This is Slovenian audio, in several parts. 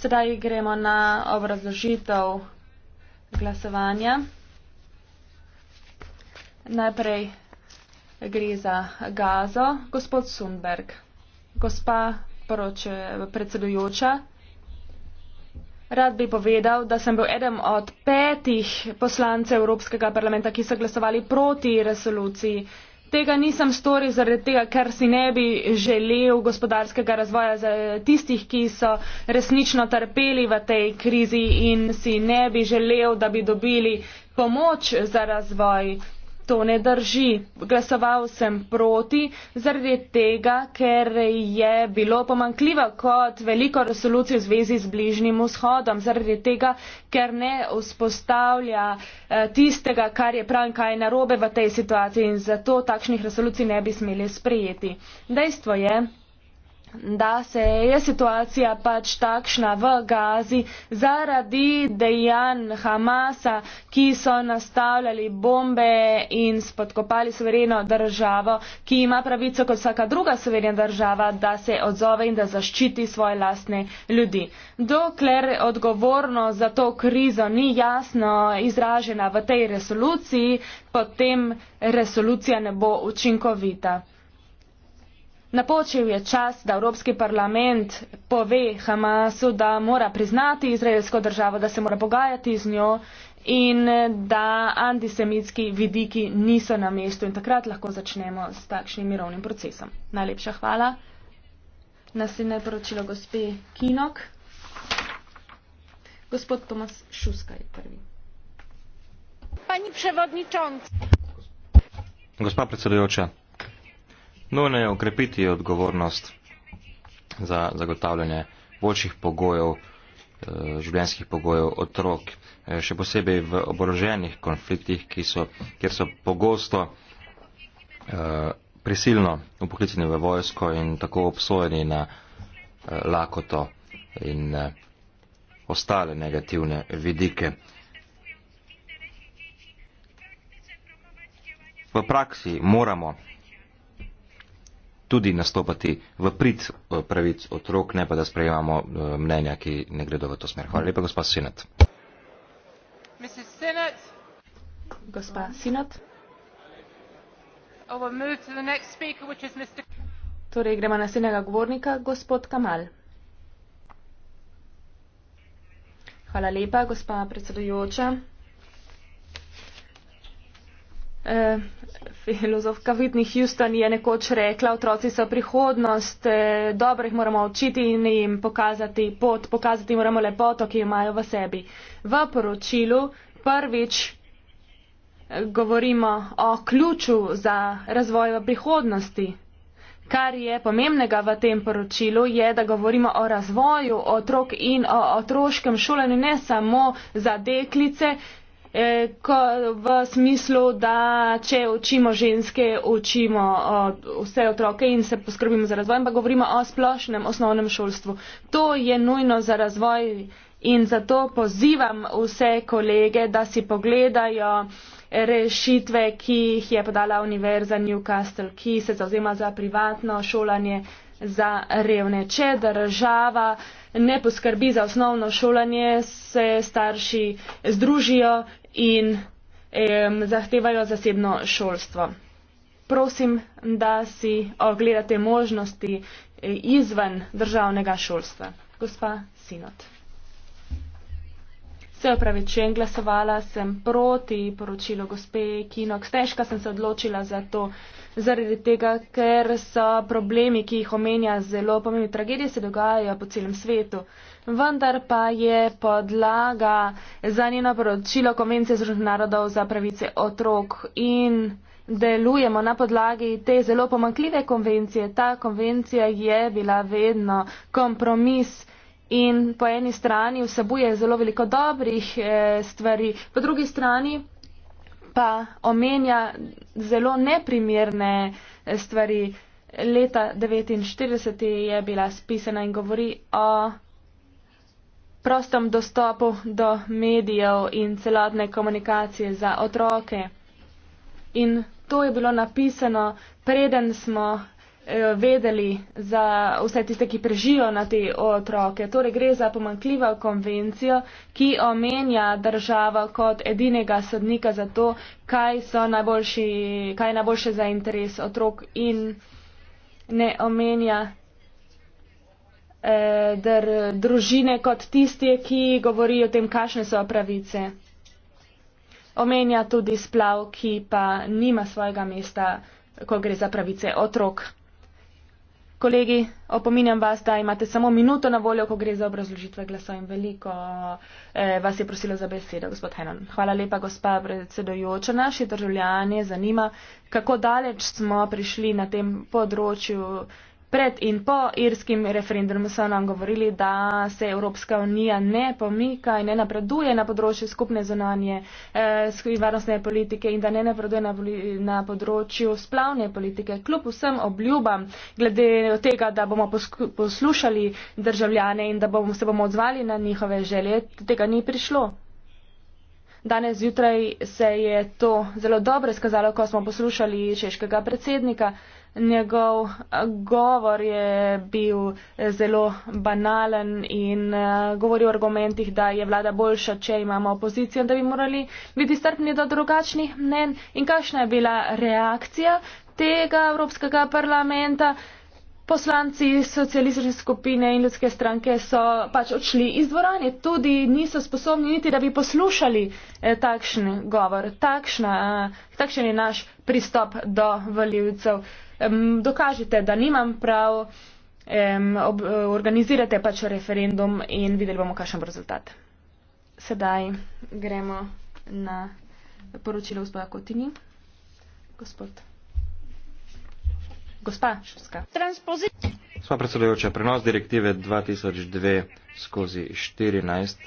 Sedaj gremo na obrazložitev glasovanja. Najprej gre za gazo. Gospod Sundberg, gospa poroče, predsedujoča, rad bi povedal, da sem bil eden od petih poslancev Evropskega parlamenta, ki so glasovali proti resoluciji. Tega nisem storil zaradi tega, ker si ne bi želel gospodarskega razvoja za tistih, ki so resnično trpeli v tej krizi in si ne bi želel, da bi dobili pomoč za razvoj To ne drži. Glasoval sem proti zaradi tega, ker je bilo pomankljivo kot veliko resolucij v zvezi z bližnjim vzhodom, zaradi tega, ker ne vzpostavlja eh, tistega, kar je prav in kaj je narobe v tej situaciji in zato takšnih resolucij ne bi smeli sprejeti. Dejstvo je, da se je situacija pač takšna v Gazi zaradi dejanj Hamasa, ki so nastavljali bombe in spodkopali suvereno državo, ki ima pravico kot vsaka druga suverena država, da se odzove in da zaščiti svoje lastne ljudi. Dokler odgovorno za to krizo ni jasno izražena v tej resoluciji, potem resolucija ne bo učinkovita. Napočil je čas, da Evropski parlament pove Hamasu, da mora priznati izraelsko državo, da se mora pogajati z njo in da antisemitski vidiki niso na mestu in takrat lahko začnemo s takšnim mirovnim procesom. Najlepša hvala. Naslednje poročilo gospe Kinok. Gospod Tomas Šuska je prvi. Pani predsedujoča. Nujno je okrepiti odgovornost za zagotavljanje boljših pogojev, eh, življenjskih pogojev otrok, eh, še posebej v oboroženih konfliktih, ki so, kjer so pogosto eh, prisilno upoklicani v vojsko in tako obsojeni na lakoto in ostale negativne vidike. V praksi moramo tudi nastopati v prid eh, pravic otrok, ne pa da sprejemamo eh, mnenja, ki ne gredo v to smer. Hvala lepa, gospa Sinat. Oh, torej gremo na naslednjega govornika, gospod Kamal. Hvala lepa, gospa predsedujoča. Eh, Filozofka Whitney Houston je nekoč rekla, otroci so prihodnost, eh, dobro jih moramo učiti in jim pokazati pot, pokazati moramo lepoto, ki jo imajo v sebi. V poročilu prvič eh, govorimo o ključu za razvoj v prihodnosti. Kar je pomembnega v tem poročilu, je, da govorimo o razvoju otrok in o otroškem šolanju ne samo za deklice, Eh, ko, v smislu, da če učimo ženske, učimo o, vse otroke in se poskrbimo za razvoj, ampak govorimo o splošnem osnovnem šolstvu. To je nujno za razvoj in zato pozivam vse kolege, da si pogledajo rešitve, ki jih je podala Univerza Newcastle, ki se zauzema za privatno šolanje za revne. Če država ne poskrbi za osnovno šolanje, se starši združijo, in um, zahtevajo zasebno šolstvo. Prosim, da si ogledate možnosti e, izven državnega šolstva. Gospa Sinot. Se opravičujem, glasovala sem proti poročilu gospe Kinok. Težka sem se odločila za to zaradi tega, ker so problemi, ki jih omenja zelo pomembni tragedije, se dogajajo po celem svetu. Vendar pa je podlaga za njeno poročilo Konvencije Združenih narodov za pravice otrok in delujemo na podlagi te zelo pomankljive konvencije. Ta konvencija je bila vedno kompromis. In po eni strani vsebuje zelo veliko dobrih eh, stvari, po drugi strani pa omenja zelo neprimerne eh, stvari. Leta 1949 je bila spisana in govori o prostem dostopu do medijev in celotne komunikacije za otroke. In to je bilo napisano, preden smo Eh, vedeli za vse tiste, ki prežijo na te otroke. Torej gre za pomankljivo konvencijo, ki omenja državo kot edinega sodnika za to, kaj, najboljši, kaj je najboljše za interes otrok in ne omenja eh, dr, družine kot tiste, ki govorijo o tem, kakšne so pravice. Omenja tudi splav, ki pa nima svojega mesta, ko gre za pravice otrok. Kolegi, opominjam vas, da imate samo minuto na voljo, ko gre za obrazložitve glasov in veliko eh, vas je prosilo za besedo, gospod Henon. Hvala lepa, gospa predsedojoča. Naši državljani zanima, kako daleč smo prišli na tem področju. Eh, pred in po irskim referendumu so nam govorili, da se Evropska unija ne pomika in ne napreduje na področju skupne zonanje eh, varnostne politike in da ne napreduje na, na področju splavne politike. Kljub vsem obljubam, glede tega, da bomo poslušali državljane in da bomo, se bomo odzvali na njihove želje, tega ni prišlo. Danes zjutraj se je to zelo dobro skazalo, ko smo poslušali češkega predsednika njegov eh, govor je bil eh, zelo banalen in eh, govori o argumentih, da je vlada boljša, če imamo opozicijo, da bi morali biti strpni do drugačnih mnen. In kakšna je bila reakcija tega Evropskega parlamenta? Poslanci socialistične skupine in ljudske stranke so pač odšli iz dvorane, tudi niso sposobni niti, da bi poslušali eh, takšen govor. Takšna, eh, takšen je naš pristop do voljivcev. Eh, um, dokažite, da nimam prav, um, ob, eh, organizirate pač referendum in videli bomo, kakšen bo rezultat. Sedaj gremo na poročilo gospoda Kotini. Gospod. Gospa Šuska. Transpozicija. Sva predsedujoča, prenos direktive 2002 skozi 14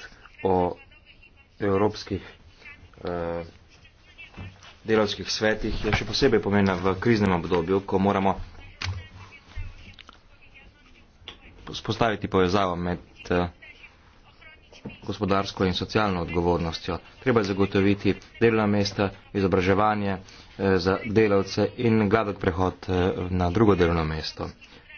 o evropskih. Uh, delovskih svetih je še posebej pomena v kriznem obdobju, ko moramo spostaviti povezavo med eh, gospodarsko in socialno odgovornostjo. Treba je zagotoviti delovna mesta, izobraževanje eh, za delavce in gledati prehod eh, na drugo delovno mesto.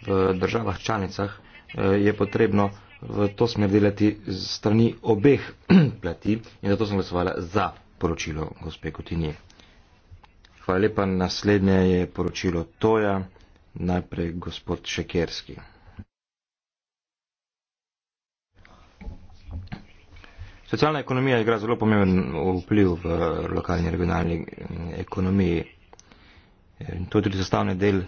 V državah članicah je potrebno v to smer delati strani obeh plati in zato sem glasovala za poročilo gospe Kutinije. Hvala lepa. Naslednje je poročilo Toja, najprej gospod Šekerski. Socialna ekonomija igra zelo pomemben vpliv v lokalni in regionalni ekonomiji. To je tudi sestavni del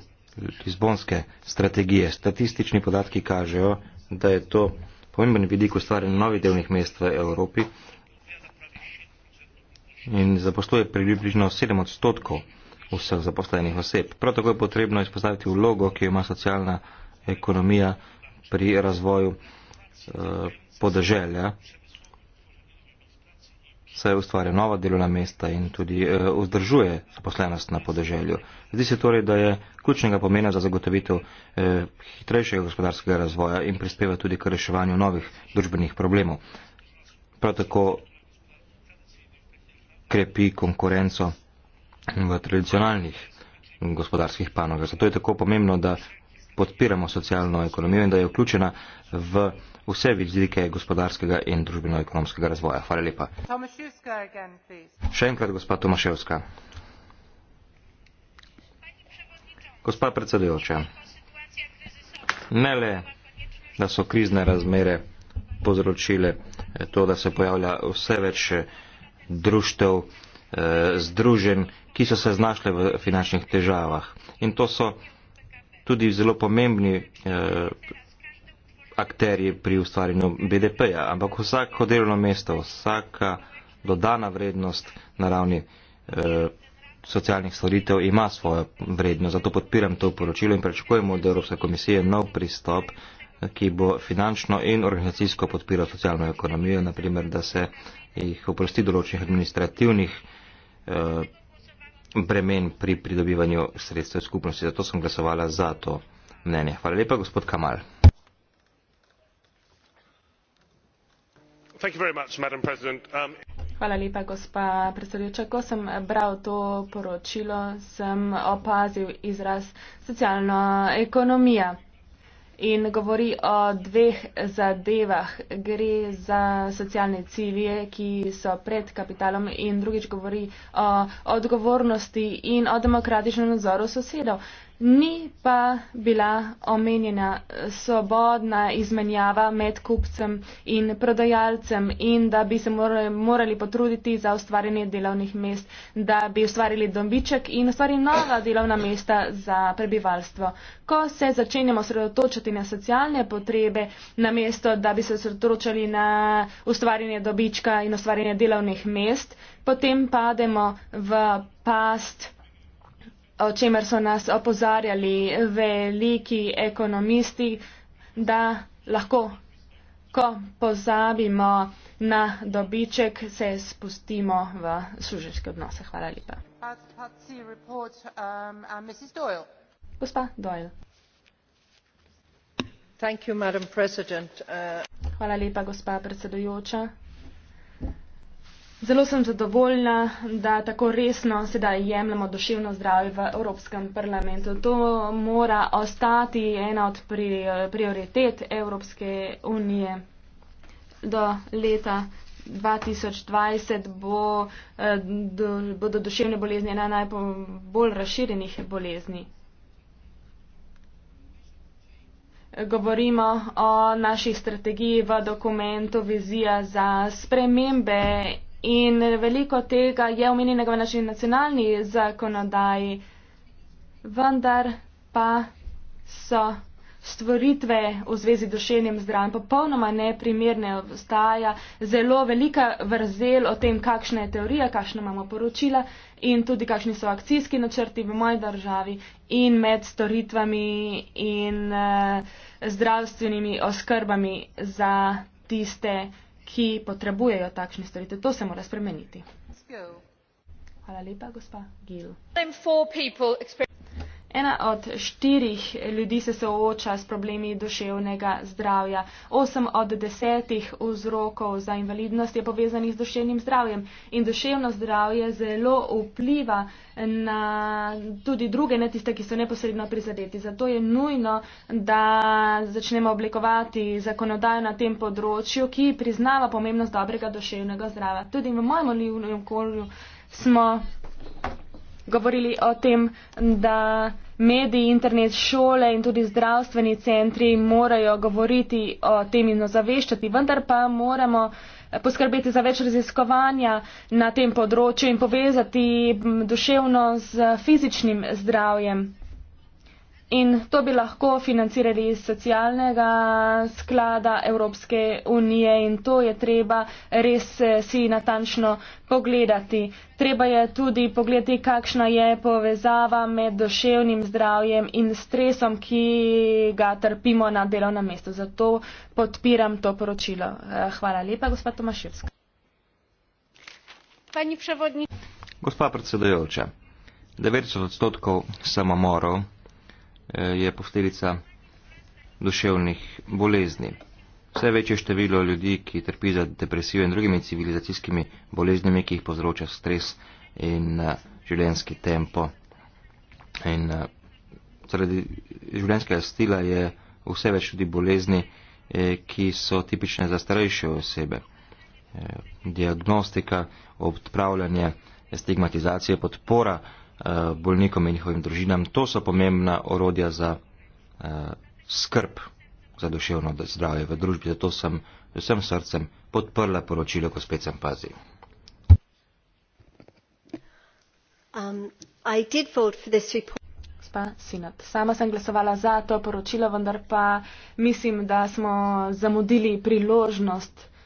Lizbonske strategije. Statistični podatki kažejo, da je to pomemben vidik ustvarjanja novih delovnih mest v Evropi in zaposluje približno 7 odstotkov vseh zaposlenih oseb. Prav tako je potrebno izpostaviti vlogo, ki jo ima socialna ekonomija pri razvoju eh, podeželja, saj ustvarja nova delovna mesta in tudi eh, vzdržuje zaposlenost na podeželju. Zdi se torej, da je ključnega pomena za zagotovitev eh, hitrejšega gospodarskega razvoja in prispeva tudi k reševanju novih družbenih problemov. Prav tako krepi konkurenco v tradicionalnih gospodarskih panogah. Zato je tako pomembno, da podpiramo socialno ekonomijo in da je vključena v vse vidike gospodarskega in družbeno-ekonomskega razvoja. Hvala lepa. Še enkrat gospa Tomaševska. Gospa predsedujoča, ne le, da so krizne razmere povzročile to, da se pojavlja vse več društev, eh, združenj, ki so se znašle v finančnih težavah. In to so tudi zelo pomembni eh, akterji pri ustvarjanju BDP-ja, ampak vsako delovno mesto, vsaka dodana vrednost na ravni eh, socialnih storitev ima svojo vrednost. Zato podpiram to poročilo in prečakujemo od Evropske komisije nov pristop ki bo finančno in organizacijsko podpiral socialno ekonomijo, naprimer, da se jih oprosti določenih administrativnih eh, bremen pri pridobivanju sredstev skupnosti. Zato sem glasovala za to mnenje. Hvala lepa, gospod Kamal. Um, Hvala lepa, gospa predsedujoča. Ko sem bral to poročilo, sem opazil izraz socialna ekonomija in govori o dveh zadevah. Gre za socialne cilje, ki so pred kapitalom in drugič govori o odgovornosti in o demokratičnem nadzoru sosedov. Ni pa bila omenjena svobodna izmenjava med kupcem in prodajalcem in da bi se morali, morali potruditi za ustvarjanje delovnih mest, da bi ustvarili dombiček in ustvarili nova delovna mesta za prebivalstvo. Ko se začenjamo sredotočati na socialne potrebe, na mesto, da bi se sredotočali na ustvarjanje dobička in ustvarjanje delovnih mest, potem pademo v past o čemer so nas opozarjali veliki ekonomisti, da lahko, ko pozabimo na dobiček, se spustimo v služeške odnose. Hvala lepa. Gospa Doyle. Uh, Hvala lepa, gospa predsedujoča. Zelo sem zadovoljna, da tako resno sedaj jemljemo duševno zdravje v Evropskem parlamentu. To mora ostati ena od prioritet Evropske unije. Do leta 2020 bo, eh, do, bodo duševne bolezni ena najbolj razširjenih bolezni. Govorimo o naši strategiji v dokumentu Vizija za spremembe In veliko tega je omenjenega v naši nacionalni zakonodaji, vendar pa so stvoritve v zvezi z duševnim zdravjem popolnoma neprimerne. Obstaja zelo velika vrzel o tem, kakšna je teorija, kakšna imamo poročila in tudi kakšni so akcijski načrti v moji državi in med storitvami in uh, zdravstvenimi oskrbami za tiste, ki potrebujejo takšne storitve. To se mora spremeniti. Hvala lepa, gospa Gil. Ena od štirih ljudi se sooča s problemi duševnega zdravja. Osem od desetih vzrokov za invalidnost je povezanih z duševnim zdravjem. In duševno zdravje zelo vpliva na tudi druge, ne tiste, ki so neposredno prizadeti. Zato je nujno, da začnemo oblikovati zakonodajo na tem področju, ki priznava pomembnost dobrega duševnega zdravja. Tudi v mojem olivnem okolju smo govorili o tem, da mediji, internet, šole in tudi zdravstveni centri morajo govoriti o tem in ozaveščati, vendar pa moramo eh, poskrbeti za več raziskovanja na tem področju in povezati duševno z fizičnim zdravjem in to bi lahko financirali iz socialnega sklada Evropske unije in to je treba res eh, si natančno pogledati. Treba je tudi pogledati, kakšna je povezava med duševnim zdravjem in stresom, ki ga trpimo na delovnem mestu. Zato podpiram to poročilo. Eh, hvala lepa, gospod Tomaševski. Gospa predsedajoča, 900 odstotkov samomorov je posledica duševnih bolezni. Vse večje število ljudi, ki trpi za depresijo in drugimi civilizacijskimi boleznimi, ki jih povzroča stres in eh, življenjski tempo. In eh, zaradi življenjskega stila je vse več tudi bolezni, eh, ki so tipične za starejše osebe. Diagnostika, odpravljanje, stigmatizacija, podpora. Eh, bolnikom in njihovim družinam. To so pomembna orodja za eh, skrb za duševno zdravje v družbi, zato sem z vsem srcem podprla poročilo, ko spet sem pazi. Gospa Sinot, sama sem glasovala za to poročilo, vendar pa mislim, da smo zamudili priložnost uh,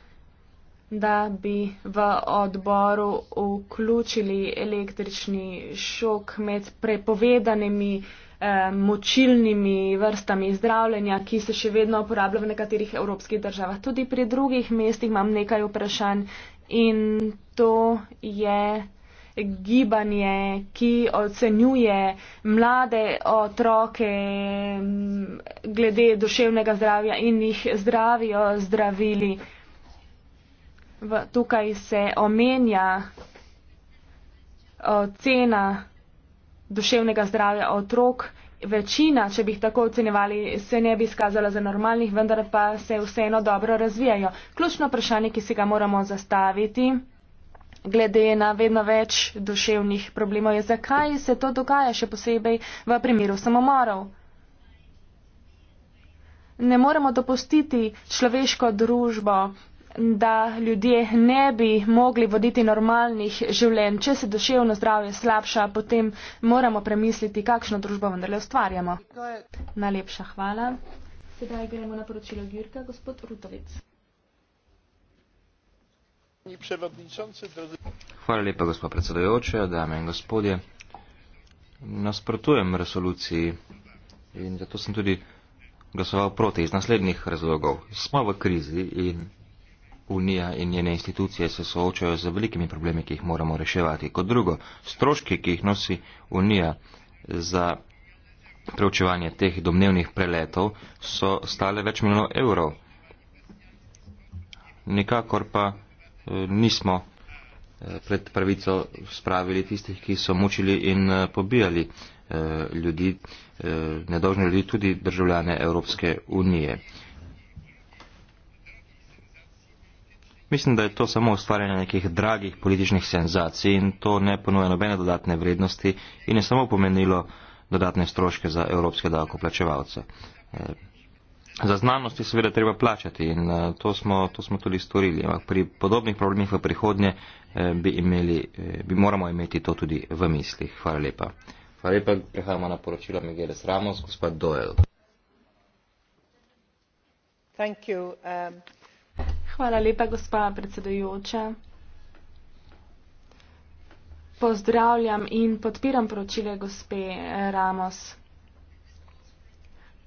da bi v odboru vključili električni šok med prepovedanimi eh, močilnimi vrstami zdravljenja, ki se še vedno uporablja v nekaterih evropskih državah. Tudi pri drugih mestih imam nekaj vprašanj in to je gibanje, ki ocenjuje mlade otroke mm, glede duševnega zdravja in jih zdravijo zdravili v, tukaj se omenja o, cena duševnega zdravja otrok. Večina, če bi jih tako ocenjevali, se ne bi izkazala za normalnih, vendar pa se vseeno dobro razvijajo. Ključno vprašanje, ki si ga moramo zastaviti, glede na vedno več duševnih problemov, je, zakaj se to dogaja, še posebej v primeru samomorov. Ne moremo dopustiti človeško družbo da ljudje ne bi mogli voditi normalnih življenj. Če se duševno zdravje slabša, potem moramo premisliti, kakšno družbo vendarle ustvarjamo. Najlepša hvala. Sedaj gremo na poročilo Jurka, gospod Rutovic. Hvala lepa, gospod predsedojoče, dame in gospodje. Nasprotujem resoluciji in zato sem tudi glasoval proti iz naslednjih razlogov. Smo v krizi in Unija in njene institucije se soočajo z velikimi problemi, ki jih moramo reševati. Kot drugo, stroški, ki jih nosi Unija za preučevanje teh domnevnih preletov, so stale več milijonov evrov. Nikakor pa eh, nismo eh, pred pravico spravili tistih, ki so mučili in eh, pobijali ljudi, nedožne ljudi, tudi državljane Evropske unije. Mislim, da je to samo ustvarjanje nekih dragih političnih senzacij in to ne ponuja nobene dodatne vrednosti in je samo pomenilo dodatne stroške za evropske davkoplačevalce. E, za znanost je seveda treba plačati in e, to smo, to smo tudi storili, ampak pri podobnih problemih v prihodnje e, bi, imeli, bi moramo imeti to tudi v mislih. Hvala lepa. Hvala lepa, prehajamo na poročilo Migueles Ramos, gospod Doyle. Thank you. Um, Hvala lepa, gospa predsedujoča. Pozdravljam in podpiram poročile gospe Ramos.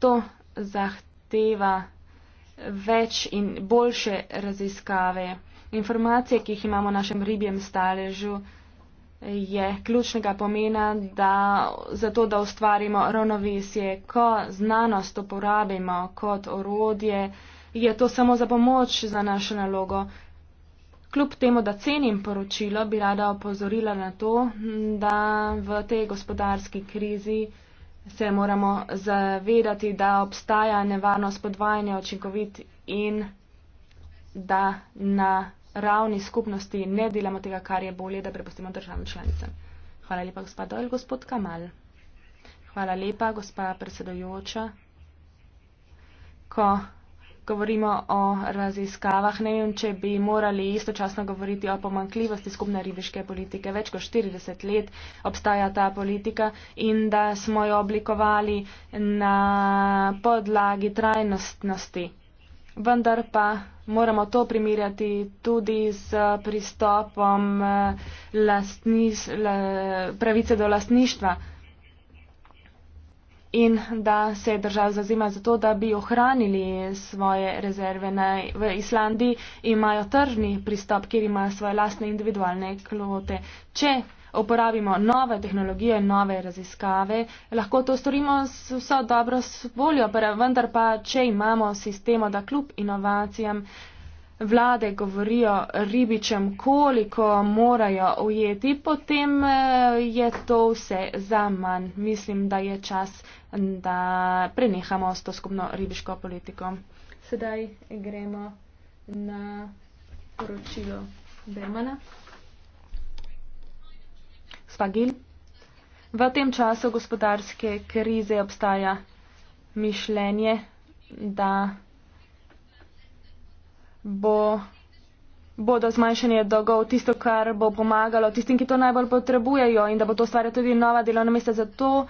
To zahteva več in boljše raziskave. Informacije, ki jih imamo o našem ribjem staležu, je ključnega pomena da, za to, da ustvarimo ravnovesje, ko znanost uporabimo kot orodje, je to samo za pomoč za našo nalogo. Kljub temu, da cenim poročilo, bi rada opozorila na to, da v tej gospodarski krizi se moramo zavedati, da obstaja nevarnost podvajanja očinkovit in da na ravni skupnosti ne delamo tega, kar je bolje, da prepustimo državam članicam. Hvala lepa, gospa Dol, gospod Kamal. Hvala lepa, gospa predsedojoča. Ko govorimo o raziskavah, ne vem, če bi morali istočasno govoriti o pomankljivosti skupne ribiške politike. Več kot 40 let obstaja ta politika in da smo jo oblikovali na podlagi trajnostnosti. Vendar pa moramo to primirjati tudi z pristopom eh, lastniš, la, pravice do lastništva in da se je država zazima za to, da bi ohranili svoje rezerve. Na, v Islandiji imajo tržni pristop, kjer imajo svoje lastne individualne klote. Če uporabimo nove tehnologije, nove raziskave, lahko to storimo s vso dobro voljo, vendar pa, če imamo sistemo, da kljub inovacijam vlade govorijo ribičem, koliko morajo ujeti, potem eh, je to vse za manj. Mislim, da je čas, da prenehamo s to skupno ribiško politiko. Sedaj gremo na poročilo Bermana. Spagil. V tem času gospodarske krize obstaja mišljenje, da bo, bodo zmanjšanje dolgov tisto, kar bo pomagalo tistim, ki to najbolj potrebujejo in da bo to stvarjalo tudi nova delovna mesta. Zato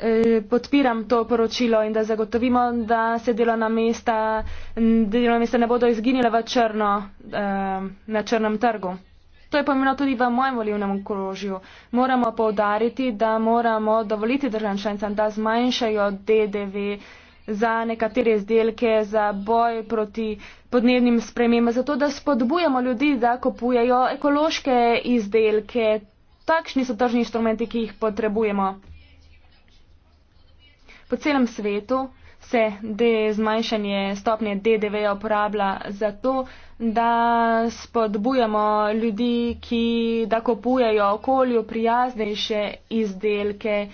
eh, podpiram to poročilo in da zagotovimo, da se delovna mesta, delovna mesta ne bodo izginile v črno, eh, na črnem trgu. To je pomembno tudi v mojem volivnem okrožju. Moramo povdariti, da moramo dovoliti državam članicam, da zmanjšajo DDV, za nekatere izdelke, za boj proti podnebnim spremembam, zato da spodbujamo ljudi, da kupujejo ekološke izdelke. Takšni so tržni instrumenti, ki jih potrebujemo. Po celem svetu se zmanjšanje stopnje DDV uporablja zato, da spodbujamo ljudi, ki da kupujejo okolju prijaznejše izdelke.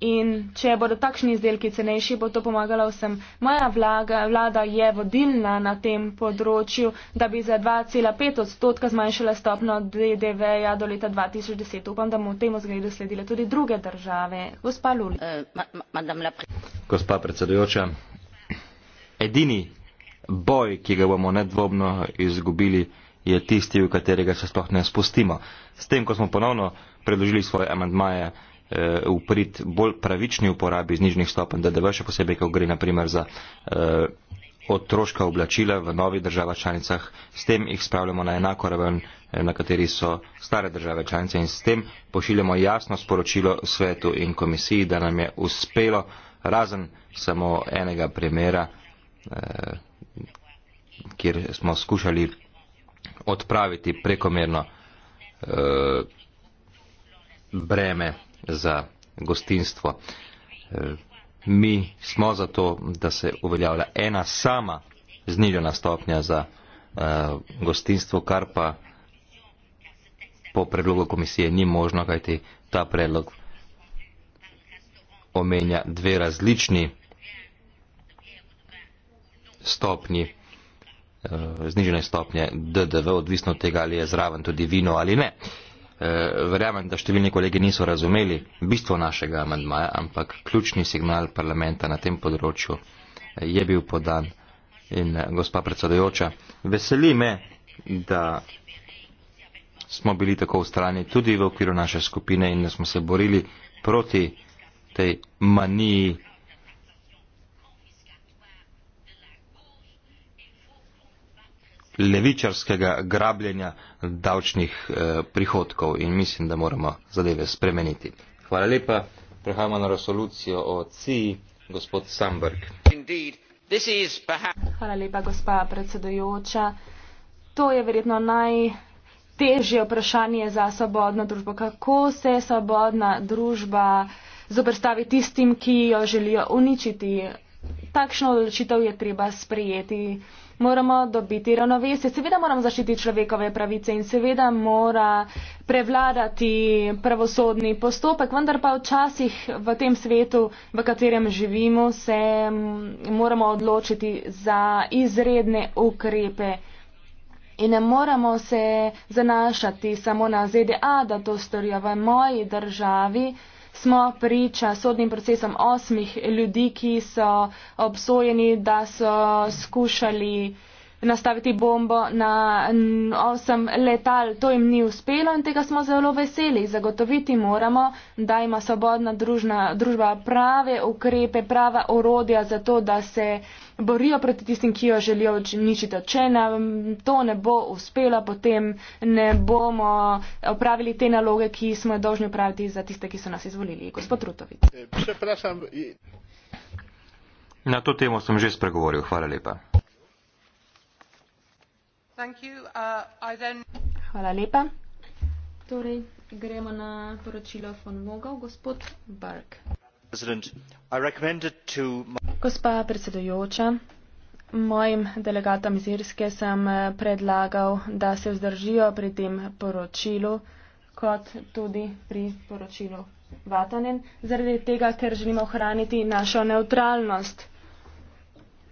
In če bodo takšni izdelki cenejši, bo to pomagalo vsem. Moja vlaga, vlada je vodilna na tem področju, da bi za 2,5 odstotka zmanjšala stopno DDV-ja do leta 2010. Upam, da bomo v tem zgledu sledile tudi druge države. Gospa Luli. Uh, ma, ma, Gospa predsedujoča, edini boj, ki ga bomo nedvobno izgubili, je tisti, v katerega se sploh ne spustimo. S tem, ko smo ponovno predložili svoje amantmaje, uh, uprit bolj pravični uporabi znižnih stopenj DDV, še posebej, ko gre naprimer za uh, otroška oblačila v novih državah članicah, s tem jih spravljamo na enako raven, eh, na kateri so stare države članice in s tem pošiljamo jasno sporočilo svetu in komisiji, da nam je uspelo razen samo enega primera, uh, kjer smo skušali odpraviti prekomerno uh, breme za gostinstvo. Eh, mi smo za to, da se uveljavlja ena sama znižena stopnja za eh, gostinstvo, kar pa po predlogu komisije ni možno, kajti ta predlog omenja dve različni stopnji, eh, znižene stopnje DDV, odvisno od tega, ali je zraven tudi vino ali ne. Uh, Eh, verjamem, da številni kolegi niso razumeli bistvo našega amandmaja, ampak ključni signal parlamenta na tem področju eh, je bil podan. In eh, gospa predsedojoča, veseli me, da smo bili tako ustrani tudi v okviru naše skupine in da smo se borili proti tej maniji levičarskega grabljenja davčnih eh, prihodkov in mislim, da moramo zadeve spremeniti. Hvala lepa. Prehajamo na resolucijo o CIA, gospod Samberg. Hvala lepa, gospa predsedojoča. To je verjetno najtežje vprašanje za svobodno družbo. Kako se svobodna družba zoprstavi tistim, ki jo želijo uničiti? Takšno odločitev je treba sprejeti moramo dobiti ravnovesje. Seveda moramo zaščititi človekove pravice in seveda mora prevladati pravosodni postopek, vendar pa včasih v tem svetu, v katerem živimo, se moramo odločiti za izredne ukrepe. In ne moramo se zanašati samo na ZDA, da to storijo v moji državi, smo priča sodnim procesom osmih ljudi, ki so obsojeni, da so skušali nastaviti bombo na osem letal. To jim ni uspelo in tega smo zelo veseli. Zagotoviti moramo, da ima svobodna družna, družba prave ukrepe, prava orodja za to, da se borijo proti tistim, ki jo želijo uničiti. Če nam to ne bo uspelo, potem ne bomo opravili te naloge, ki smo jo dolžni opraviti za tiste, ki so nas izvolili. Gospod Rutovic. Eh, na to temo sem že spregovoril. Hvala lepa. Uh, Hvala lepa. Torej, gremo na poročilo von Mogov, gospod Bark. Gospa predsedujoča, mojim delegatom iz Irske sem eh, predlagal, da se vzdržijo pri tem poročilu, kot tudi pri poročilu Vatanen, zaradi tega, ker želimo ohraniti našo neutralnost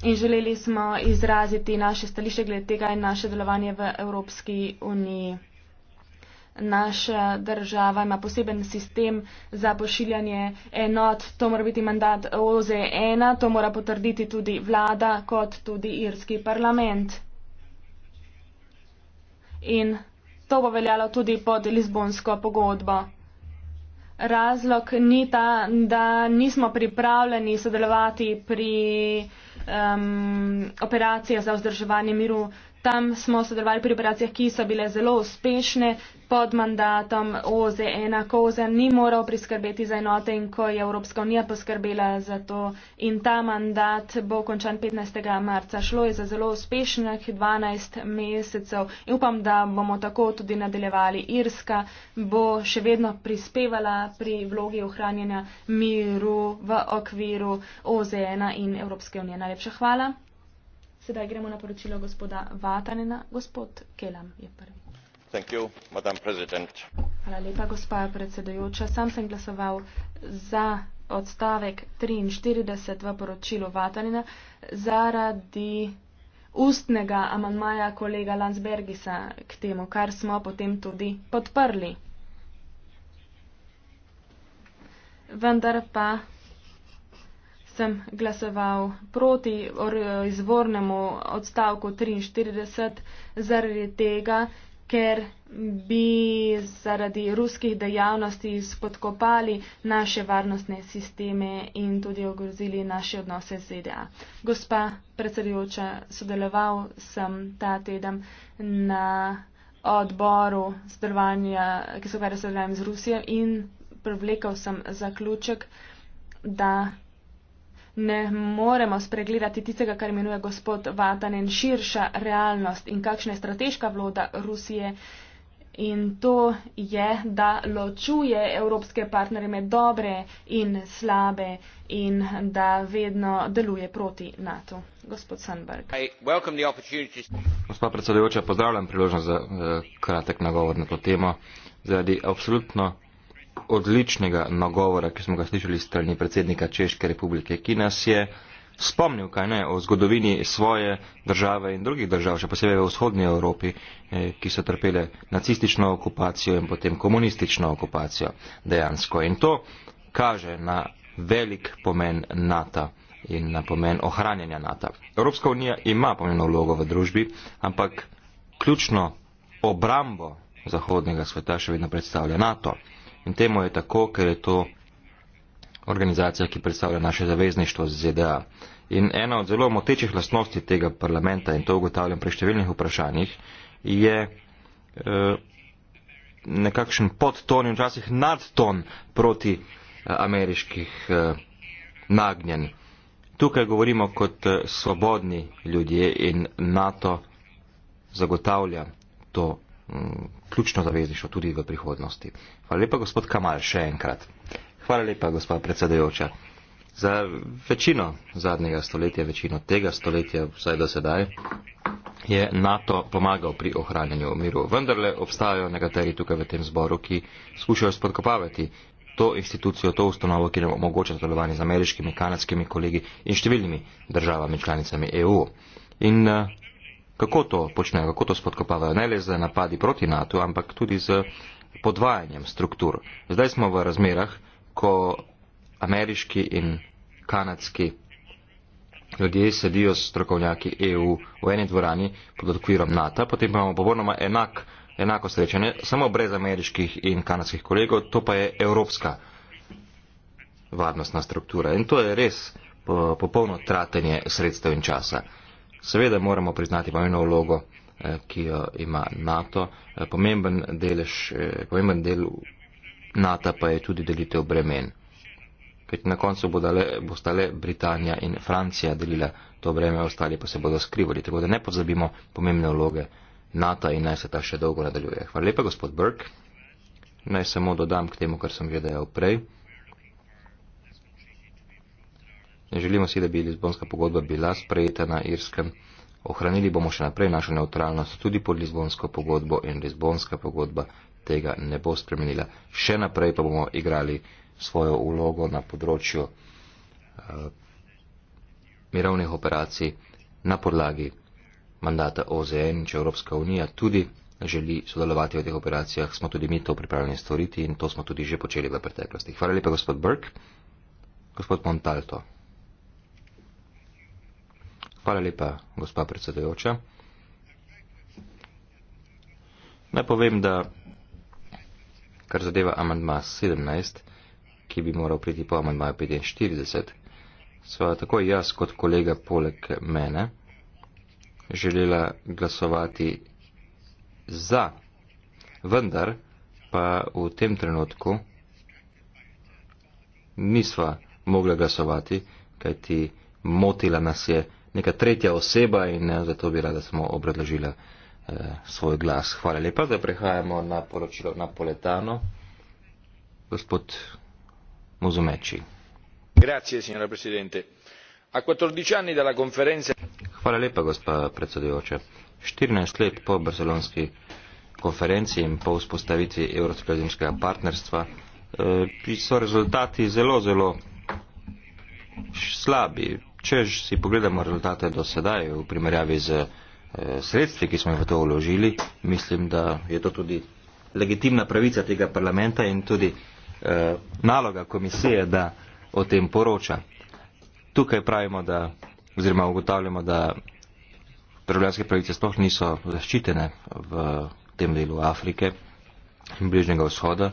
in želeli smo izraziti naše stališče glede tega in naše delovanje v Evropski uniji. Naša država ima poseben sistem za pošiljanje enot, to mora biti mandat OZE 1, to mora potrditi tudi vlada kot tudi irski parlament. In to bo veljalo tudi pod Lizbonsko pogodbo razlog ni ta, da nismo pripravljeni sodelovati pri um, operacijah za vzdrževanje miru Tam smo sodelovali pri operacijah, ki so bile zelo uspešne pod mandatom OZN. OZN ni moral priskrbeti za enote in ko je Evropska unija poskrbela za to in ta mandat bo končan 15. marca. Šlo je za zelo uspešnih 12 mesecev in upam, da bomo tako tudi nadaljevali. Irska bo še vedno prispevala pri vlogi ohranjanja miru v okviru OZN in Evropske unije. Najlepša hvala. Sedaj gremo na poročilo gospoda Vatanena. Gospod Kelam je prvi. You, Hvala lepa, gospa predsedajoča. Sam sem glasoval za odstavek 43 v poročilu Vatanena zaradi ustnega amanmaja kolega Landsbergisa k temu, kar smo potem tudi podprli. Vendar pa sem glasoval proti izvornemu odstavku 43 zaradi tega, ker bi zaradi ruskih dejavnosti spodkopali naše varnostne sisteme in tudi ogrozili naše odnose z ZDA. Gospa predsedujoča, sodeloval sem ta teden na odboru sodelovanja, ki se ukvarja s sodelovanjem z Rusijo in privlekal sem zaključek, da ne moremo spregledati tistega, kar imenuje gospod Vatanen širša realnost in kakšna je strateška vloda Rusije. In to je, da ločuje evropske partnere med dobre in slabe in da vedno deluje proti NATO. Gospod Sandberg. Gospod predsedujoča, pozdravljam priložnost za eh, kratek nagovor na to temo. Zaradi absolutno odličnega nagovora, ki smo ga slišali strani predsednika Češke republike, ki nas je spomnil, kaj ne, o zgodovini svoje države in drugih držav, še posebej v vzhodnji Evropi, eh, ki so trpele nacistično okupacijo in potem komunistično okupacijo dejansko. In to kaže na velik pomen NATO in na pomen ohranjanja NATO. Evropska unija ima pomembno vlogo v družbi, ampak ključno obrambo zahodnega sveta še vedno predstavlja NATO. In temu je tako, ker je to organizacija, ki predstavlja naše zavezništvo z ZDA. In ena od zelo motečih lastnosti tega parlamenta, in to ugotavljam pri številnih vprašanjih, je eh, nekakšen podton in včasih nadton proti eh, ameriških eh, nagnjen. Tukaj govorimo kot eh, svobodni ljudje in NATO zagotavlja to ključno zavezništvo tudi v prihodnosti. Hvala lepa, gospod Kamal, še enkrat. Hvala lepa, gospa predsedajoča. Za večino zadnjega stoletja, večino tega stoletja, vsaj do sedaj, je NATO pomagal pri ohranjanju miru. Vendarle obstajajo nekateri tukaj v tem zboru, ki skušajo spodkopavati to institucijo, to ustanovo, ki nam omogoča sodelovanje z ameriškimi, kanadskimi kolegi in številnimi državami članicami EU. In eh, kako to počnejo, kako to spodkopavajo, ne le z napadi proti NATO, ampak tudi z podvajanjem struktur. Zdaj smo v razmerah, ko ameriški in kanadski ljudje sedijo s strokovnjaki EU v eni dvorani pod okvirom NATO, potem imamo povornoma enak, enako srečanje, samo brez ameriških in kanadskih kolegov, to pa je evropska varnostna struktura. In to je res popolno tratenje sredstev in časa. Seveda moramo priznati vojno vlogo, eh, ki jo ima NATO. Eh, pomemben, delež, eh, pomemben del NATO pa je tudi delitev bremen. Ker na koncu bosta le Britanija in Francija delila to breme, ostali pa se bodo skrivali. Tako da ne pozabimo pomembne vloge NATO in naj se ta še dolgo nadaljuje. Hvala lepa, gospod Burke. Naj samo dodam k temu, kar sem že dejal prej. Želimo si, da bi Lizbonska pogodba bila sprejeta na Irskem. Ohranili bomo še naprej našo neutralnost tudi pod Lizbonsko pogodbo in Lizbonska pogodba tega ne bo spremenila. Še naprej pa bomo igrali svojo ulogo na področju uh, mirovnih operacij na podlagi mandata OZN, če Evropska unija tudi želi sodelovati v teh operacijah, smo tudi mi to pripravljeni storiti in to smo tudi že počeli v preteklosti. Hvala lepa, gospod Burke. Gospod Montalto. Hvala lepa, gospa predsedajoča. Naj povem, da kar zadeva amandma 17, ki bi moral priti po amandmaju 45, sva tako jaz kot kolega poleg mene želela glasovati za, vendar pa v tem trenutku nisva mogla glasovati, kajti motila nas je neka tretja oseba in ja, zato bi rada samo obradložila eh, svoj glas. Hvala lepa, da prehajamo na poročilo na poletano. Gospod Muzumeči. Grazie, signora presidente. A 14 anni dalla conferenza. Hvala lepa, gospa predsedujoča. 14 let po barcelonski konferenci in po vzpostavitvi evropskega partnerstva eh, so rezultati zelo, zelo slabi. Čež si pogledamo rezultate do sedaj v primerjavi z eh, sredstvi, ki smo jih v to uložili, mislim, da je to tudi legitimna pravica tega parlamenta in tudi eh, naloga komisije, da o tem poroča. Tukaj pravimo, da, oziroma ugotavljamo, da državljanske pravice sploh niso zaščitene v tem delu Afrike in Bližnjega vzhoda.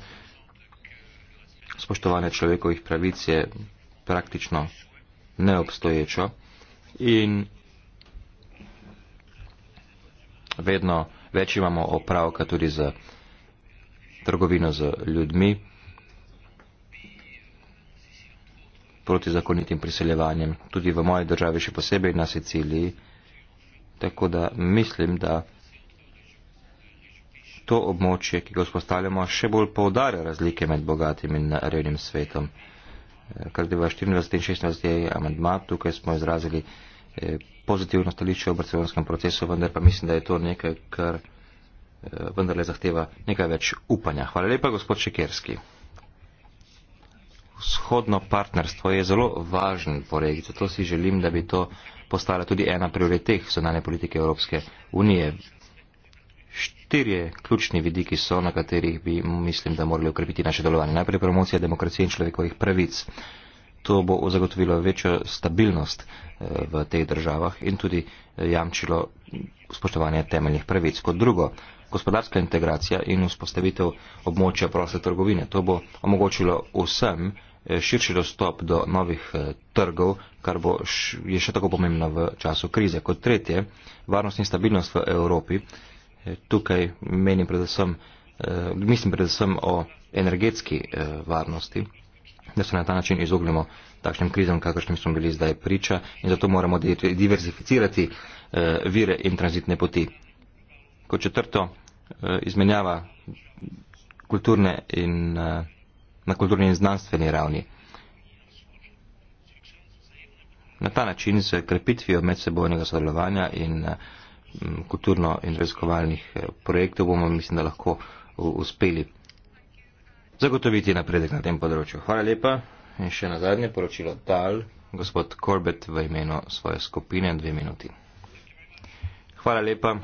Spoštovanje človekovih pravic je praktično neobstoječo in vedno več imamo opravka tudi za trgovino z ljudmi, proti zakonitim priseljevanjem, tudi v moji državi, še posebej na Siciliji. Tako da mislim, da to območje, ki ga vzpostavljamo, še bolj poudarja razlike med bogatim in revnim svetom kar deva 24 in 16 je amandma. Tukaj smo izrazili eh, pozitivno stališče o barcelonskem procesu, vendar pa mislim, da je to nekaj, kar eh, vendarle zahteva nekaj več upanja. Hvala lepa, gospod Šekerski. Vzhodno partnerstvo je zelo važen po regiji, zato si želim, da bi to postala tudi ena prioritet zonalne politike Evropske unije štirje ključni vidiki so, na katerih bi, mislim, da morali ukrepiti naše delovanje. Najprej promocija demokracije in človekovih pravic. To bo zagotovilo večjo stabilnost eh, v teh državah in tudi eh, jamčilo spoštovanje temeljnih pravic. Kot drugo, gospodarska integracija in vzpostavitev območja proste trgovine. To bo omogočilo vsem eh, širši dostop do novih trgov, kar bo š, je še tako pomembno v času krize. Kot tretje, varnost in stabilnost v Evropi tukaj menim predvsem, eh, mislim predvsem o energetski eh, varnosti, da se na ta način izognemo takšnim krizam, kakršnim smo bili zdaj priča in zato moramo diverzificirati eh, vire in tranzitne poti. Kot četrto, eh, izmenjava kulturne in, eh, na kulturni in znanstveni ravni. Na ta način se krepitvijo medsebojnega sodelovanja in eh, kulturno in raziskovalnih eh, projektov bomo, mislim, da lahko uspeli zagotoviti napredek na tem področju. Hvala lepa. In še na zadnje poročilo Dal, gospod Corbett v imenu svoje skupine, dve minuti. Hvala lepa.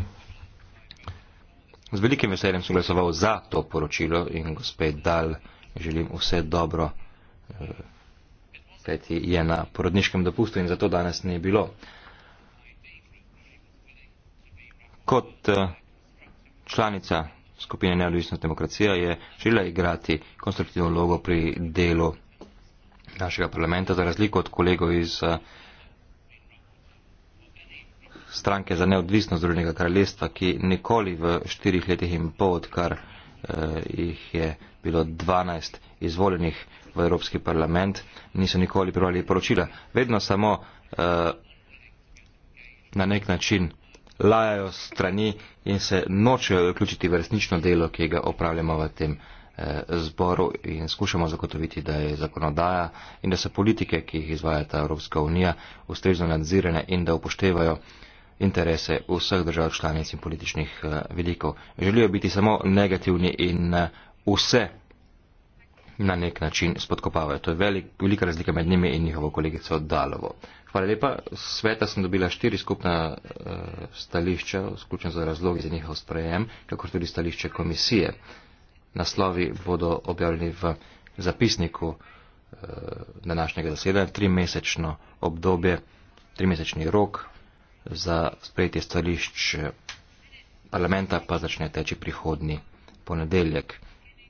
Z velikim veseljem sem glasoval za to poročilo in gospod Dal želim vse dobro, eh, kajti je na porodniškem dopustu in zato danes ni bilo. kot eh, članica skupine Neodvisnost demokracija je želela igrati konstruktivno vlogo pri delu našega parlamenta, za razliko od kolegov iz eh, stranke za neodvisnost Združenega kraljestva, ki nikoli v štirih letih in pol, odkar eh, jih je bilo 12 izvoljenih v Evropski parlament, niso nikoli prevali poročila. Vedno samo eh, na nek način lajajo strani in se nočejo vključiti v resnično delo, ki ga opravljamo v tem eh, zboru in skušamo zagotoviti, da je zakonodaja in da so politike, ki jih izvajata Evropska unija, ustrezno nadzirane in da upoštevajo interese vseh držav članic in političnih eh, velikov. Želijo biti samo negativni in eh, vse na nek način spodkopavajo. To je velik, velika razlika med njimi in njihovo kolegico Dalovo. Hvala lepa. Sveta sem dobila štiri skupna uh, stališča, vključno za razlogi za njihov sprejem, kakor tudi stališče komisije. Naslovi bodo objavljeni v zapisniku uh, današnjega zasedanja. Trimesečno obdobje, trimesečni rok za sprejetje stališč eh, parlamenta pa začne teči prihodni ponedeljek.